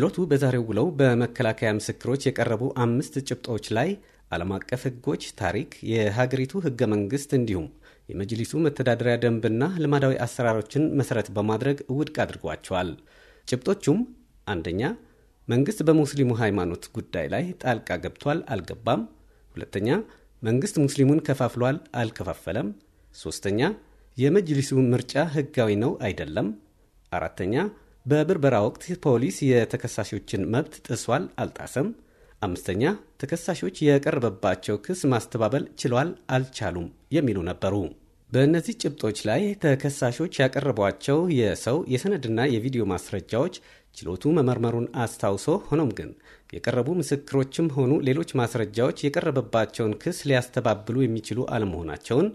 ችሎቱ በዛሬው ውለው በመከላከያ ምስክሮች የቀረቡ አምስት ጭብጦች ላይ ዓለም አቀፍ ሕጎች፣ ታሪክ፣ የሀገሪቱ ሕገ መንግሥት እንዲሁም የመጅሊሱ መተዳደሪያ ደንብና ልማዳዊ አሰራሮችን መሠረት በማድረግ ውድቅ አድርጓቸዋል። ጭብጦቹም አንደኛ፣ መንግሥት በሙስሊሙ ሃይማኖት ጉዳይ ላይ ጣልቃ ገብቷል አልገባም። ሁለተኛ፣ መንግሥት ሙስሊሙን ከፋፍሏል አልከፋፈለም። ሦስተኛ፣ የመጅሊሱ ምርጫ ሕጋዊ ነው አይደለም። አራተኛ በብርበራ ወቅት ፖሊስ የተከሳሾችን መብት ጥሷል፣ አልጣሰም። አምስተኛ ተከሳሾች የቀረበባቸው ክስ ማስተባበል ችሏል፣ አልቻሉም የሚሉ ነበሩ። በእነዚህ ጭብጦች ላይ ተከሳሾች ያቀረቧቸው የሰው የሰነድና የቪዲዮ ማስረጃዎች ችሎቱ መመርመሩን አስታውሶ ሆኖም ግን የቀረቡ ምስክሮችም ሆኑ ሌሎች ማስረጃዎች የቀረበባቸውን ክስ ሊያስተባብሉ የሚችሉ አለመሆናቸውን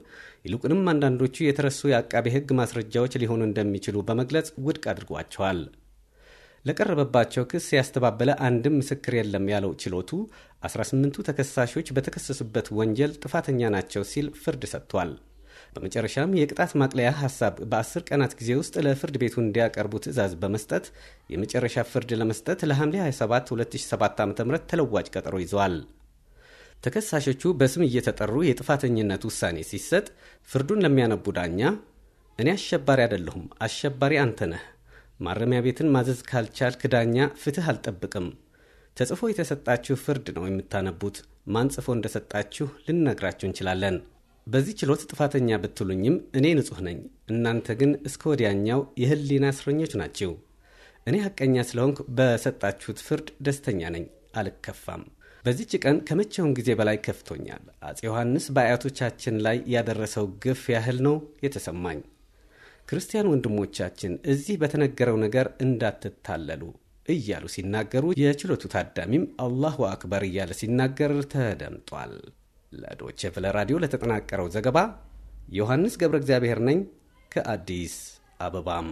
ይልቁንም አንዳንዶቹ የተረሱ የአቃቤ ሕግ ማስረጃዎች ሊሆኑ እንደሚችሉ በመግለጽ ውድቅ አድርጓቸዋል። ለቀረበባቸው ክስ ያስተባበለ አንድም ምስክር የለም ያለው ችሎቱ 18ቱ ተከሳሾች በተከሰሱበት ወንጀል ጥፋተኛ ናቸው ሲል ፍርድ ሰጥቷል። በመጨረሻም የቅጣት ማቅለያ ሀሳብ በአስር ቀናት ጊዜ ውስጥ ለፍርድ ቤቱ እንዲያቀርቡ ትዕዛዝ በመስጠት የመጨረሻ ፍርድ ለመስጠት ለሐምሌ 27 2007 ዓ ም ተለዋጭ ቀጠሮ ይዘዋል። ተከሳሾቹ በስም እየተጠሩ የጥፋተኝነት ውሳኔ ሲሰጥ ፍርዱን ለሚያነቡ ዳኛ እኔ አሸባሪ አይደለሁም፣ አሸባሪ አንተ ነህ። ማረሚያ ቤትን ማዘዝ ካልቻልክ ዳኛ ፍትህ አልጠብቅም። ተጽፎ የተሰጣችሁ ፍርድ ነው የምታነቡት። ማን ጽፎ እንደሰጣችሁ ልንነግራችሁ እንችላለን። በዚህ ችሎት ጥፋተኛ ብትሉኝም እኔ ንጹሕ ነኝ። እናንተ ግን እስከ ወዲያኛው የህሊና እስረኞች ናችሁ። እኔ ሐቀኛ ስለሆንኩ በሰጣችሁት ፍርድ ደስተኛ ነኝ፣ አልከፋም። በዚች ቀን ከመቼውም ጊዜ በላይ ከፍቶኛል። አፄ ዮሐንስ በአያቶቻችን ላይ ያደረሰው ግፍ ያህል ነው የተሰማኝ። ክርስቲያን ወንድሞቻችን እዚህ በተነገረው ነገር እንዳትታለሉ እያሉ ሲናገሩ የችሎቱ ታዳሚም አላሁ አክበር እያለ ሲናገር ተደምጧል። ለዶቼ ቨለ ራዲዮ ለተጠናቀረው ዘገባ ዮሐንስ ገብረ እግዚአብሔር ነኝ ከአዲስ አበባም